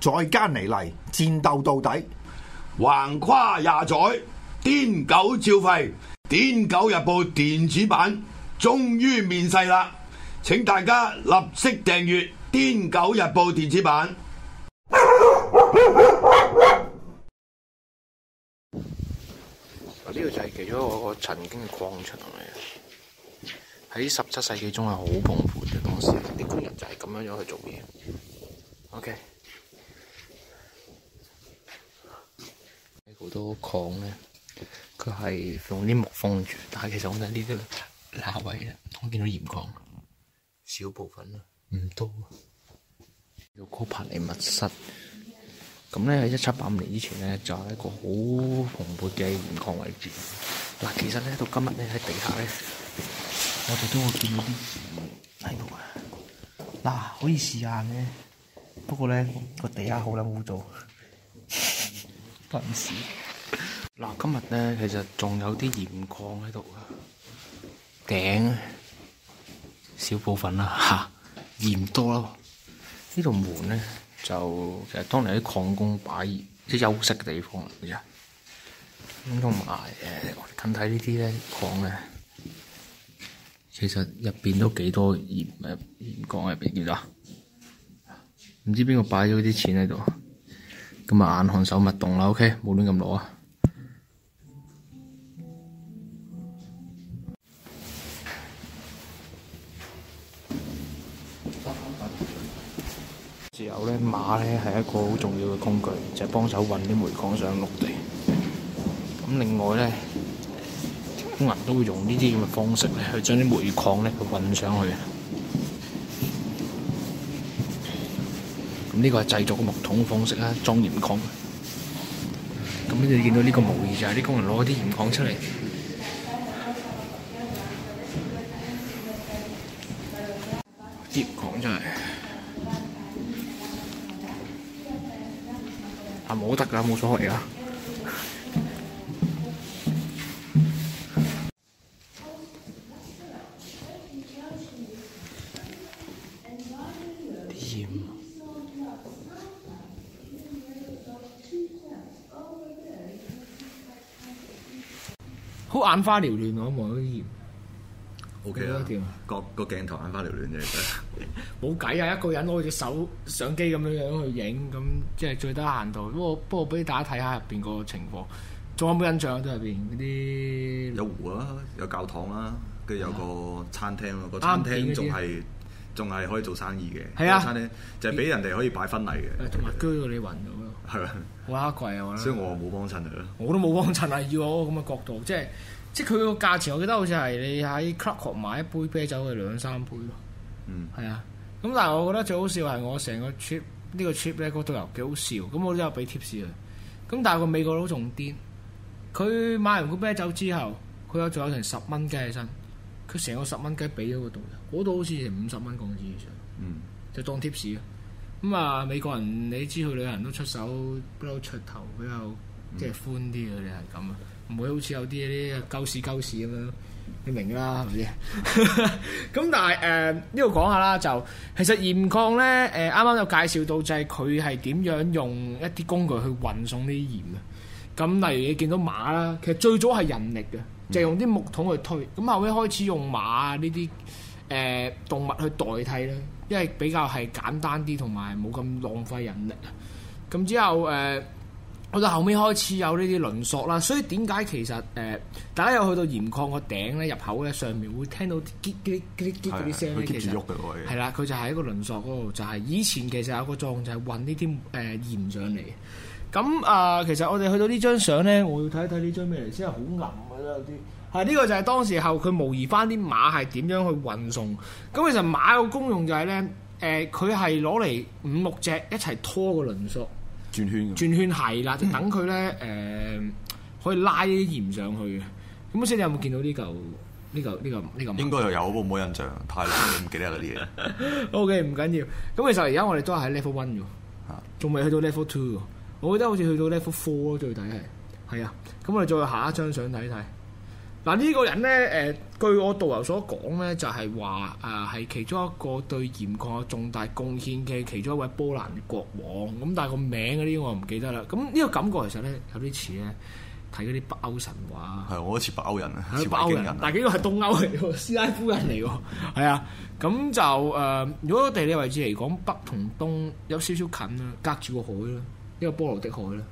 再加尼嚟，戰鬥到底，橫跨廿載，癲狗照吠。癲狗日報電子版終於面世啦！請大家立即訂閱《癲狗日報》電子版。呢度就係其中一個曾經嘅礦場嚟嘅，喺十七世紀中係好蓬勃嘅。當時啲工人就係咁樣樣去做嘢。OK。好多礦咧，佢係用啲木封住，但係其實我覺得呢啲拉位啊，我見到鹽礦，少部分啦，唔多。到高柏尼密室，咁咧喺一七八五年以前咧，就係一個好蓬勃嘅鹽礦位置。嗱，其實咧到今日咧喺地下咧，我哋都會見到啲鹽喺度啊。嗱，可以試下嘅，不過咧個地下好捻污糟。粉絲嗱，今日呢，其實仲有啲鹽礦喺度啊，頂少部，部分啦嚇、啊，鹽多咯。呢度門呢，就其實當年啲礦工擺啲休息嘅地方嚟嘅，咁同埋誒我哋近睇呢啲咧礦呢，其實入邊都幾多鹽誒鹽礦入邊叫做？唔知邊個擺咗啲錢喺度？咁啊，眼看手勿動啦，OK，冇亂咁攞啊！之後咧，馬咧係一個好重要嘅工具，就係幫手運啲煤礦上陸地。咁另外咧，工人都會用呢啲咁嘅方式咧，去將啲煤礦咧去運上去。呢個係製作個木桶嘅方式啦，裝鹽礦。咁你見到呢個模擬就係啲工人攞啲鹽礦出嚟，啲鹽礦就係，係冇得㗎，冇所謂㗎。好眼花撩亂，我望到啲，O K 啦，個個鏡頭眼花撩亂嘅，冇計啊！一個人攞隻手相機咁樣去影，咁即係最低限度。不過不過，俾大家睇下入邊個情況，仲有冇印象？都入邊嗰啲有湖啊，有教堂啊，跟住有個餐廳咯，個餐廳仲係仲係可以做生意嘅，啊，餐廳就係俾人哋可以擺婚禮嘅，仲有嗰啲雲。係啊，好蝦貴啊！所以我冇幫襯佢咯。我都冇幫襯啊！要我咁嘅角度，即係即係佢個價錢，我記得好似係你喺 Clubhouse 買一杯啤酒係兩三杯咯。嗯。係啊，咁但係我覺得最好笑係我成個 trip 呢、呢個 trip 咧，個導遊又幾好笑，咁我都有俾貼士佢。咁但係個美國佬仲癲，佢買完個啤酒之後，佢有仲有成十蚊雞起身，佢成個十蚊雞俾咗個導遊，嗰度好似成五十蚊港紙以上。嗯。就當貼士啊！咁啊、嗯，美國人你知去旅行都出手不嬲出頭，比較即係寬啲嘅，你係咁啊，唔會好似有啲啲鳩屎鳩屎咁樣，你明啦係咪先？咁、嗯、 但係誒呢度講下啦，就其實鹽礦咧誒啱啱有介紹到，就係佢係點樣用一啲工具去運送呢啲鹽嘅。咁例如你見到馬啦，其實最早係人力嘅，就、嗯、係用啲木桶去推，咁後尾開始用馬啊呢啲誒動物去代替啦。因為比較係簡單啲，同埋冇咁浪費引力。咁之後誒，去、呃、到後尾開始有呢啲輪索啦。所以點解其實誒、呃，大家有去到鹽礦個頂咧入口咧上面會聽到啲啲啲啲啲聲咧？的其實係啦，佢就係一個輪索嗰度，就係、是、以前其實有個作用就係運呢啲誒鹽上嚟。咁啊、呃，其實我哋去到呢張相咧，我要睇一睇呢張咩嚟先啊，好暗㗎啦啲。係呢、呢個就係當時候佢模擬翻啲馬係點樣去運送咁。其實馬個功用就係、係、咧，誒佢係攞嚟五六隻一齊拖個輪索轉圈嘅轉圈係啦，嗯、就等佢咧誒可以拉啲鹽上去嘅。咁不知你有冇見到呢嚿呢嚿呢嚿呢嚿？呢個呢個呢個、應該又有，不過冇印象，太耐唔記得啦啲嘢。O K，唔緊要。咁其實而家我哋都係喺 level one 喎，仲未去到 level two。我覺得好似去到 level four 最底係係啊。咁我哋再下一張相睇睇。嗱呢個人咧，誒據我導遊所講咧，就係話誒係其中一個對鹽礦有重大貢獻嘅其中一位波蘭國王，咁但係個名嗰啲我唔記得啦。咁呢個感覺其實咧有啲似咧睇嗰啲北歐神話。係，我都似北歐人，似北歐人，歐人但係呢個係東歐嚟嘅，斯拉夫人嚟嘅，係啊。咁就誒，如果地理位置嚟講，北同東有少少近啦，隔住個海啦，一、這個波羅的海啦。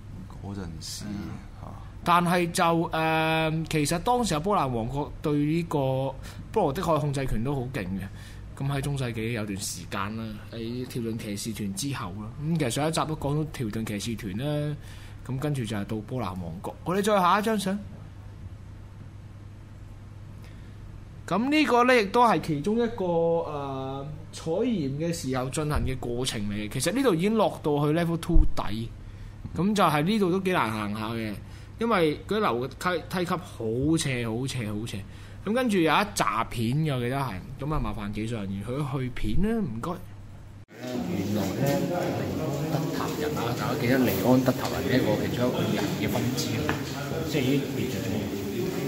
嗰陣時但係就誒、呃，其實當時啊，波蘭王國對呢個波羅的海控制權都好勁嘅。咁喺中世紀有段時間啦，喺條頓騎士團之後啦。咁、嗯、其實上一集都講到條頓騎士團啦，咁跟住就係到波蘭王國。我哋再下一張相。咁呢個呢，亦都係其中一個誒、呃、採鹽嘅時候進行嘅過程嚟嘅。其實呢度已經落到去 level two 底，咁就係呢度都幾難行下嘅。因為嗰樓梯梯級好斜好斜好斜，咁跟住有一炸片嘅，我記得係，咁啊麻煩技術人員去去片啦，唔該。原來咧，尼安德塔人啊，大家記得尼安德塔人呢一個其中一個人嘅分支即係與別嘅重要。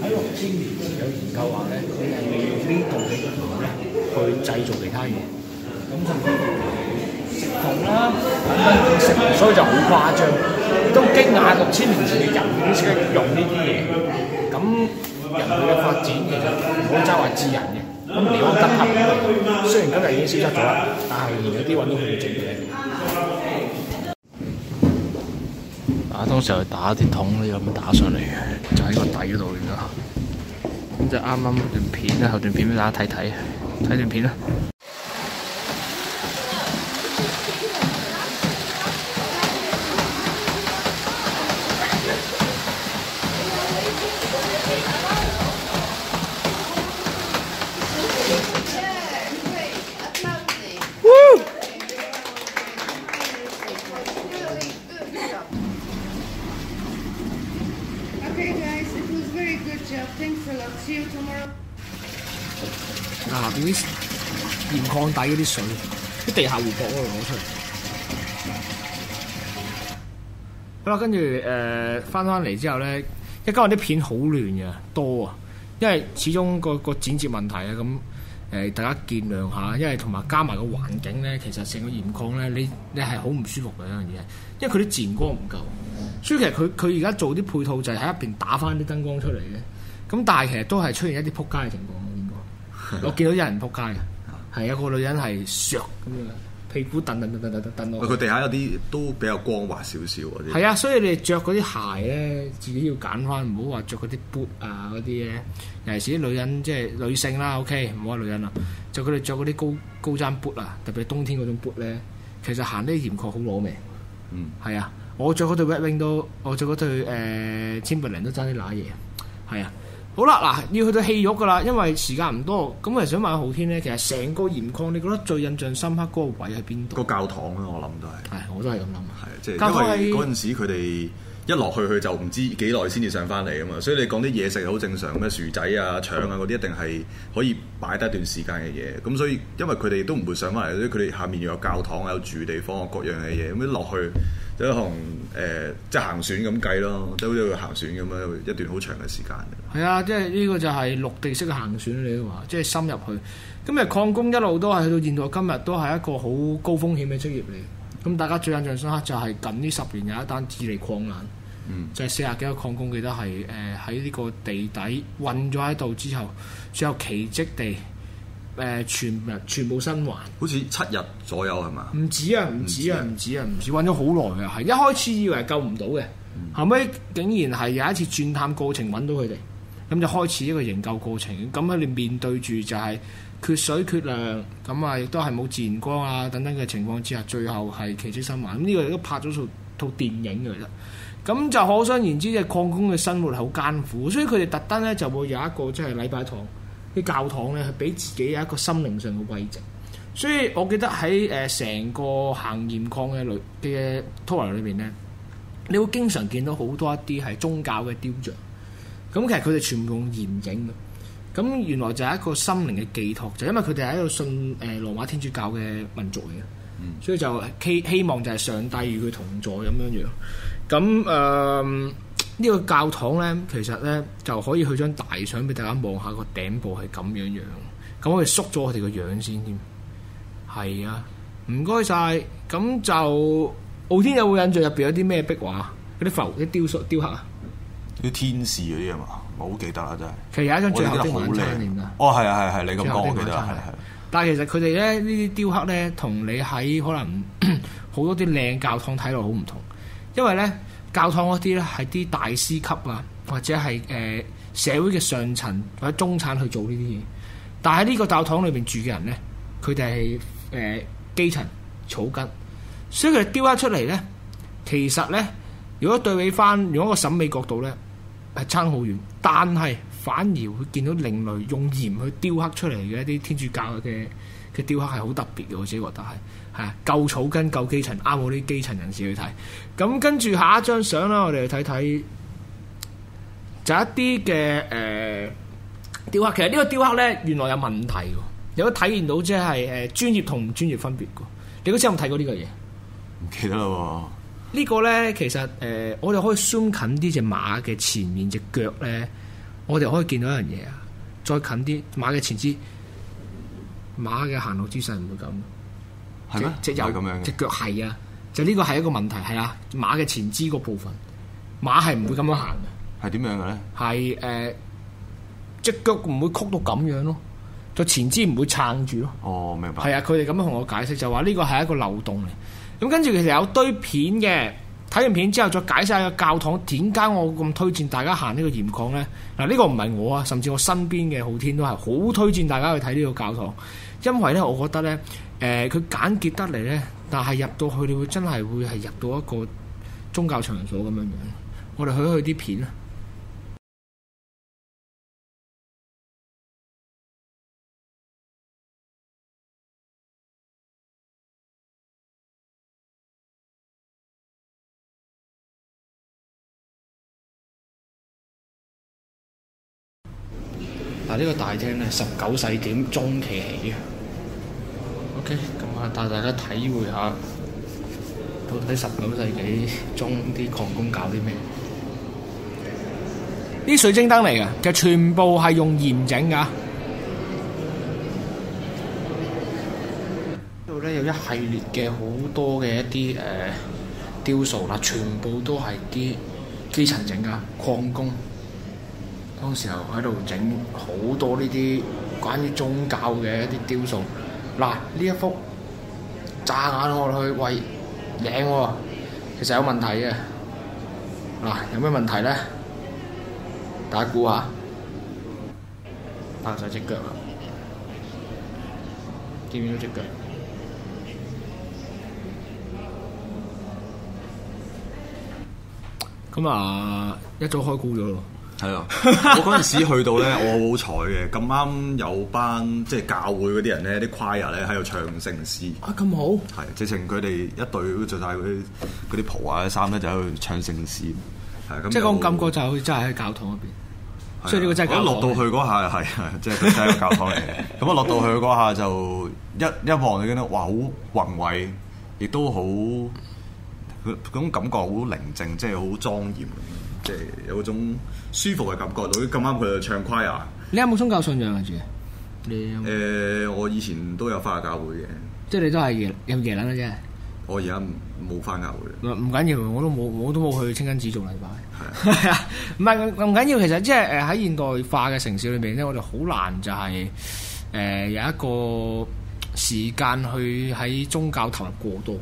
喺六千年前有研究話咧，佢係利用呢度嘅材料咧，去製造其他嘢，咁甚同啦，五分五食，所以就好誇張，都驚訝六千年前嘅人點識用呢啲嘢。咁人類嘅發展其實唔好齋話智人嘅，咁尼安德特人。雖然今日已經消失咗，但係仍有啲揾到完整嘢。當時係打啲桶咧咁打上嚟嘅，就喺個底嗰度嚟噶。咁就啱啱段片啦，後段片俾大家睇睇，睇段片啦。底嗰啲水，啲地下湖泊嗰度攞出嚟。好啦，跟住誒翻翻嚟之後咧，一家我啲片好亂嘅，多啊，因為始終個個剪接問題啊，咁誒、呃、大家見諒下，因為同埋加埋個環境咧，其實成個鹽礦咧，你你係好唔舒服嘅一樣嘢，因為佢啲自然光唔夠。所以其實佢佢而家做啲配套就係喺一邊打翻啲燈光出嚟嘅，咁的但係其實都係出現一啲扑街嘅情況。我見的我見到有人扑街嘅。係啊，個女人係削咁樣，屁股等等等等。墩墩落去。佢地下有啲都比較光滑少少嗰啲。係啊，所以你著嗰啲鞋咧，自己要揀翻，唔好話着嗰啲 boot 啊嗰啲咧。尤其是啲女人即係女性啦，OK，唔好話女人啦，就佢哋着嗰啲高高踭 boot 啊，特別冬天嗰種 boot 咧，其實行啲鹽礦好攞命。嗯。係啊，我着嗰對 Reebok 都，我着嗰對誒 Timberland 都差啲乸嘢。係啊。好啦，嗱，要去到戲肉噶啦，因為時間唔多，咁我想問下浩天咧，其實成個鹽礦，你覺得最印象深刻嗰個位喺邊度？個教堂啦，啊，我諗都係。係，我都係咁諗啊。係，即係因為嗰陣時佢哋一落去，佢就唔知幾耐先至上翻嚟啊嘛。所以你講啲嘢食好正常，咩薯仔啊、腸啊嗰啲，一定係可以擺得一段時間嘅嘢。咁所以因為佢哋都唔會上翻嚟，所以佢哋下面要有教堂、有住地方、各樣嘅嘢。咁一落去。即係行，誒、呃，即係行船咁計咯，都要行船咁樣一段好長嘅時間。係啊，即係呢個就係陸地式嘅行船嚟嘅話，即係深入去。今日礦工一路都係去到現在今日都係一個好高風險嘅職業嚟。咁大家最印象深刻就係近呢十年有一單智利礦難，嗯、就係四十幾個礦工記得係誒喺呢個地底困咗喺度之後，最後奇蹟地。誒、呃、全唔全部生還，好似七日左右係嘛？唔止啊！唔止啊！唔止啊！唔止揾咗好耐啊！係、啊啊啊啊、一開始以為救唔到嘅，嗯、後尾竟然係有一次轉探過程揾到佢哋，咁就開始一個營救過程。咁啊，你面對住就係缺水缺糧，咁啊亦都係冇自然光啊等等嘅情況之下，最後係奇蹟生還。咁呢個亦都拍咗套套電影嚟啦。咁就可想而知，即係礦工嘅生活係好艱苦，所以佢哋特登咧就會有一個即係禮拜堂。啲教堂咧，係俾自己一個心靈上嘅慰藉，所以我記得喺誒成個行鹽礦嘅旅嘅 tourism 裏邊咧，你會經常見到好多一啲係宗教嘅雕像，咁、嗯、其實佢哋全部用鹽影嘅，咁、嗯、原來就係一個心靈嘅寄託，就是、因為佢哋係一個信誒羅馬天主教嘅民族嚟嘅，所以就希希望就係上帝與佢同在咁樣樣，咁、嗯、誒。呢個教堂咧，其實咧就可以去張大相俾大家望下個頂部係咁樣樣，樣，咁我哋縮咗佢哋個樣先添。係啊，唔該晒。咁就浩天有冇印象入邊有啲咩壁畫？嗰啲浮、啲雕塑、雕刻啊？啲天使嗰啲啊嘛，我好記得啦，真係。其實有一張最後張的晚餐。哦，係啊，係係、啊啊，你咁講，我記得係。啊啊啊、但係其實佢哋咧呢啲雕刻咧，同你喺可能好 多啲靚教堂睇落好唔同，因為咧。教堂嗰啲咧係啲大師級啊，或者係誒、呃、社會嘅上層或者中產去做呢啲嘢，但係呢個教堂裏面住嘅人咧，佢哋係誒基層草根，所以佢哋雕刻出嚟咧，其實咧如果對比翻，用一個審美角度咧係差好遠，但係反而會見到另類用鹽去雕刻出嚟嘅一啲天主教嘅。嘅雕刻係好特別嘅，我自己覺得係嚇，夠草根，夠基層，啱我啲基層人士去睇。咁跟住下一張相啦，我哋去睇睇，就係、一啲嘅誒雕刻。其實呢個雕刻咧，原來有問題嘅，有得體現到即係誒專業同唔專業分別嘅。你嗰陣有冇睇過呢個嘢？唔記得啦喎。個呢個咧其實誒、呃，我哋可以 zoom 近啲隻馬嘅前面隻腳咧，我哋可以見到一樣嘢啊！再近啲，馬嘅前肢。馬嘅行路姿勢唔會咁，係咩？即係又係咁樣嘅，隻腳係啊，就呢個係一個問題，係啊。馬嘅前肢個部分，馬係唔會咁樣行嘅。係點樣嘅咧？係誒，隻腳唔會曲到咁樣咯，就前肢唔會撐住咯。哦，明白。係啊，佢哋咁樣同我解釋就話呢個係一個漏洞嚟。咁跟住其實有堆片嘅。睇完片之後，再解釋下個教堂點解我咁推薦大家行呢個鹽礦呢？嗱，呢個唔係我啊，甚至我身邊嘅浩天都係好推薦大家去睇呢個教堂，因為呢，我覺得呢，佢、呃、簡潔得嚟呢，但係入到去你會真係會係入到一個宗教場所咁嘅樣。我哋去一去啲片啊！嗱，呢個大廳咧，十九世紀中期起嘅。OK，咁啊，帶大家體會下，到底十九世紀中啲礦工搞啲咩？啲水晶燈嚟㗎，其實全部係用鹽整㗎。呢度咧，有一系列嘅好多嘅一啲誒、呃、雕塑啦，全部都係啲基層整㗎，礦工。當時候喺度整好多呢啲關於宗教嘅一啲雕塑，嗱呢一幅，眨眼落去，喂，靚喎，其實有問題嘅，嗱有咩問題咧？大家估下，大晒隻腳啦，見唔見到隻腳？咁啊，一早開估咗咯。係啊！ 我嗰陣時去到咧，我好彩嘅，咁啱有班即係教會嗰啲人咧，啲 choir 人咧喺度唱聖詩啊！咁好，係直情佢哋一隊着晒嗰啲啲袍啊衫咧，就喺度唱聖詩。係咁、啊，即係我感覺就真係喺教堂嗰邊。所以呢個真係、啊。 一落到去嗰下，係係即係真係教堂嚟嘅。咁一落到去嗰下就一一望就見到，哇！好宏偉，亦都好，佢嗰種感覺好寧靜，即係好莊嚴。即係有嗰種舒服嘅感覺咯，咁啱佢就唱 Choir 啊！你有冇宗教信仰啊？住？你誒、呃，我以前都有返教會嘅。即係你都係耶，有，有耶撚嘅啫。我而家冇返教會。唔緊要，我都冇，我都冇去清真寺做禮拜。的 係啊，唔係唔緊要。其實即係誒喺現代化嘅城市裏面，咧，我哋好難就係、是、誒、呃、有一個時間去喺宗教投入過多。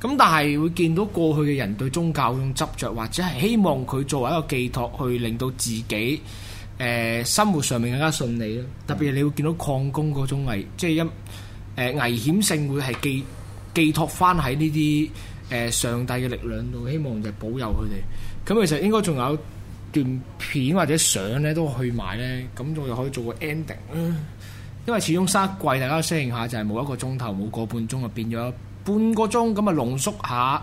咁但係會見到過去嘅人對宗教嗰種執著，或者係希望佢作為一個寄託，去令到自己誒生活上面更加順利咯。特別係你會見到礦工嗰種危，即係一誒危險性會係寄寄託翻喺呢啲誒上帝嘅力量度，希望就係保佑佢哋。咁其實應該仲有段片或者相咧都去埋咧，咁我就可以做個 ending。因為始終三季大家適應下，就係、是、冇一個鐘頭，冇個半鐘就變咗半個鐘咁啊濃縮下。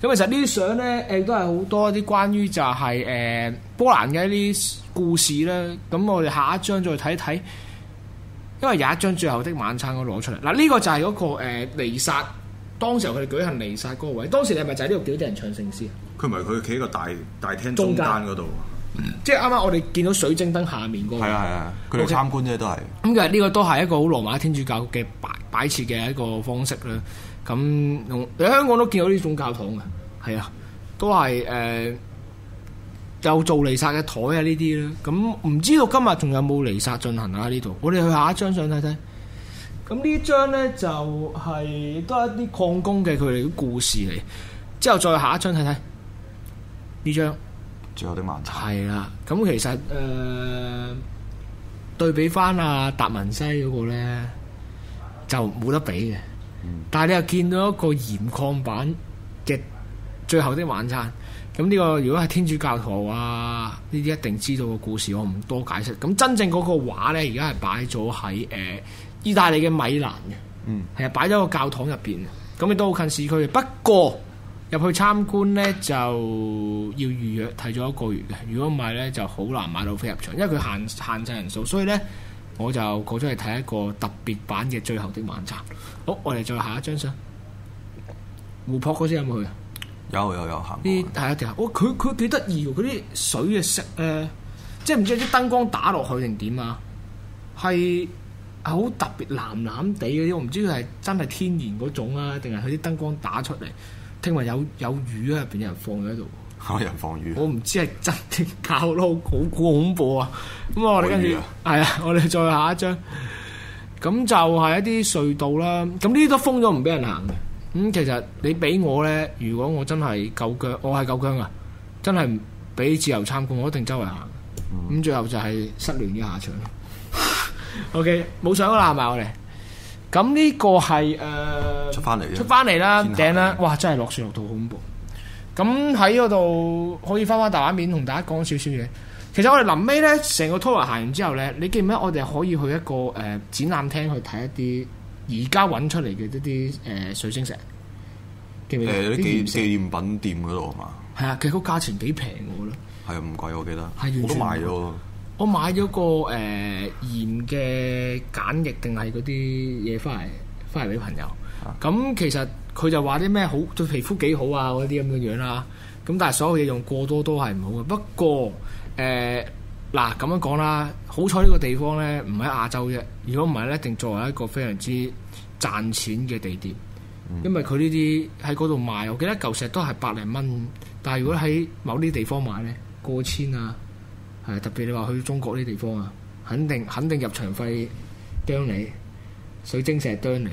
咁其實呢啲相咧，誒都係好多啲關於就係、是、誒、欸、波蘭嘅一啲故事啦。咁、嗯、我哋下一張再睇睇。因為有一張最後的晚餐我攞出嚟，嗱、啊、呢、這個就係嗰、那個誒彌撒，當時候佢哋舉行彌撒嗰個位，當時你係咪就係呢度幾多人唱聖詩啊？佢唔係佢企喺個大大廳中間嗰度。即係啱啱我哋見到水晶燈下面嗰個，係啊係啊，佢哋參觀啫都係咁嘅。呢個都係一個好羅馬天主教嘅擺擺設嘅一個方式啦。咁你香港都見到呢種教堂嘅，係啊，都係誒、呃、有做彌撒嘅台啊呢啲啦。咁唔知道今日仲有冇彌撒進行啊？呢度我哋去下一張相睇睇。咁呢張呢、就是，就係都係一啲礦工嘅、佢哋嘅故事嚟。之後再下一張睇睇呢張。最後的晚餐係啦，咁其實誒、呃、對比翻阿達文西嗰個咧，就冇得比嘅。嗯、但係你又見到一個鹽礦版嘅最後的晚餐，咁呢個如果係天主教徒啊，呢啲一定知道個故事，我唔多解釋。咁真正嗰個畫咧，而家係擺咗喺誒意大利嘅米蘭嘅，係啊，擺咗個教堂入邊嘅。咁亦都好近市區嘅。不過入去參觀咧，就要預約睇咗一個月嘅。如果唔係咧，就好難買到飛入場，因為佢限限制人數。所以咧，我就過咗去睇一個特別版嘅最後的晚餐。好，我哋再下一張相。湖泊嗰啲有冇去？有有有行。啲係啊，條我佢佢幾得意喎。嗰啲、哦、水嘅色誒、呃，即係唔知啲燈光打落去定點啊？係，好特別藍藍哋嗰啲。我唔知佢係真係天然嗰種啊，定係佢啲燈光打出嚟。聽聞有有魚啊，入邊有人放咗喺度，係咪人放魚？我唔知係真的搞，搞到好恐怖啊！咁啊，啊，我哋跟住係啊，我哋再下一張。咁就係一啲隧道啦。咁呢啲都封咗，唔俾人行嘅。咁、嗯、其實你俾我咧，如果我真係夠姜，我係夠姜啊，真係唔俾自由參觀，我一定周圍行。咁、嗯、最後就係失聯嘅下場。O K，冇相啦，係嘛，我哋。咁呢個係誒、呃、出翻嚟啦，出翻嚟啦，頂啦！哇，真係落雪落到好恐怖。咁喺嗰度可以翻翻大畫面，同大家講少少嘢。其實我哋臨尾咧，成個 tour 行完之後咧，你記唔記得我哋可以去一個誒展覽廳去睇一啲而家揾出嚟嘅一啲誒水晶石？記唔記得？誒啲、呃、紀，紀念品店嗰度係嘛？係啊，其實個價錢幾平㗎咯，係啊，唔貴我記得，我都買喎。我買咗個誒、呃、鹽嘅鹼液定係嗰啲嘢翻嚟，翻嚟俾朋友。咁、啊、其實佢就話啲咩好對皮膚幾好啊嗰啲咁嘅樣啦。咁但係所有嘢用過多都係唔好嘅。不過誒嗱咁樣講啦，好彩呢個地方咧唔喺亞洲啫。如果唔係咧，一定作為一個非常之賺錢嘅地點。嗯、因為佢呢啲喺嗰度賣，我記得一嚿石都係百零蚊。但係如果喺某啲地方買咧，過千啊～係特別你話去中國呢啲地方啊，肯定肯定入場費啄你，水晶石啄你。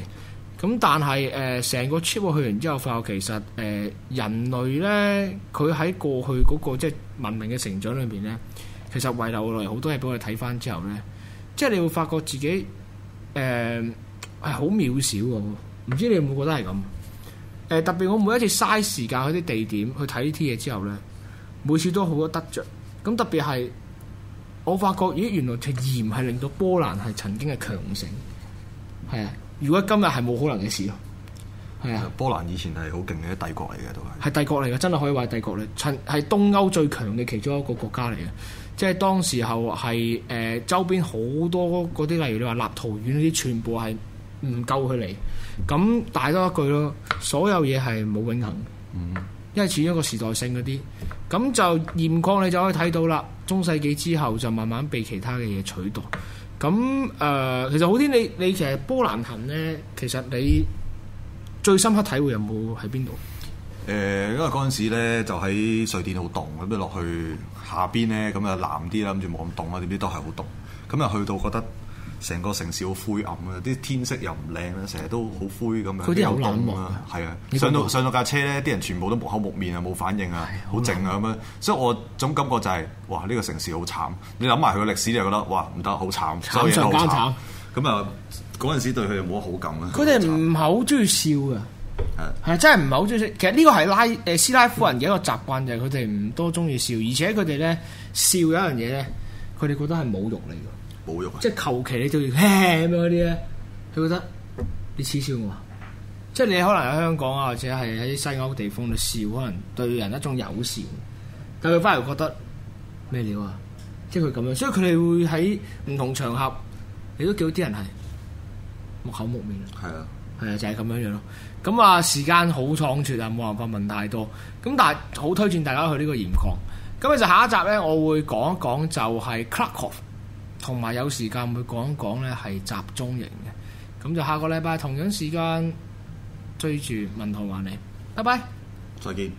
咁但係誒成個 trip 去完之後，發覺其實誒、呃、人類咧，佢喺過去嗰、那個即係、就是、文明嘅成長裏邊咧，其實遺留落嚟好多嘢俾我哋睇翻之後咧，即係你會發覺自己誒係好渺小嘅。唔知你有冇覺得係咁？誒、呃、特別我每一次嘥時間去啲地點去睇呢啲嘢之後咧，每次都好多得着。咁特別係。我發覺，咦，原來佢鹽係令到波蘭係曾經嘅強盛，係啊。如果今日係冇可能嘅事咯，係啊。波蘭以前係好勁嘅帝國嚟嘅，都係。係帝國嚟嘅，真係可以話帝國嚟。曾係東歐最強嘅其中一個國家嚟嘅，即係當時候係誒周邊好多嗰啲，例如你話立陶宛嗰啲，全部係唔夠佢嚟。咁大多一句咯，所有嘢係冇永恆，嗯，因為始於一個時代性嗰啲，咁就鹽礦你就可以睇到啦。中世紀之後就慢慢被其他嘅嘢取代。咁誒、呃，其實浩天，你你其實波蘭行咧，其實你最深刻體會有冇喺邊度？誒、呃，因為嗰陣時咧就喺瑞典好凍，咁樣落去下邊咧，咁啊冷啲啦，諗住冇咁凍啊，點知都係好凍。咁啊去到覺得。成個城市好灰暗啊！啲天色又唔靚咧，成日都好灰咁樣，啲好冷漠啊。係啊，上到上到架車咧，啲人全部都木口木面啊，冇反應啊，好靜啊咁樣。所以我總感覺就係，哇！呢個城市好慘。你諗埋佢嘅歷史，你就覺得，哇！唔得好慘，所以都慘。咁啊，嗰陣時對佢哋冇乜好感啦。佢哋唔係好中意笑噶，係真係唔係好中意。其實呢個係拉誒斯拉夫人嘅一個習慣，就係佢哋唔多中意笑，而且佢哋咧笑有一樣嘢咧，佢哋覺得係侮辱嚟㗎。冇即係求其你都要咩咁樣嗰啲咧，佢覺得你恥笑我，即係你可能喺香港啊，或者係喺西歐地方，度笑可能對人一種友善。但佢翻嚟覺得咩料啊？即係佢咁樣，所以佢哋會喺唔同場合，你都叫啲人係木口木面。係啊的，係啊，就係、是、咁樣樣咯。咁啊，時間好倉促啊，冇辦法問太多。咁但係好推薦大家去呢個鹽礦。咁咧就下一集咧，我會講一講就係 Krakow。同埋有時間會講一講呢，係集中營嘅。咁就下個禮拜同樣時間追住文圖萬里。拜拜，再見。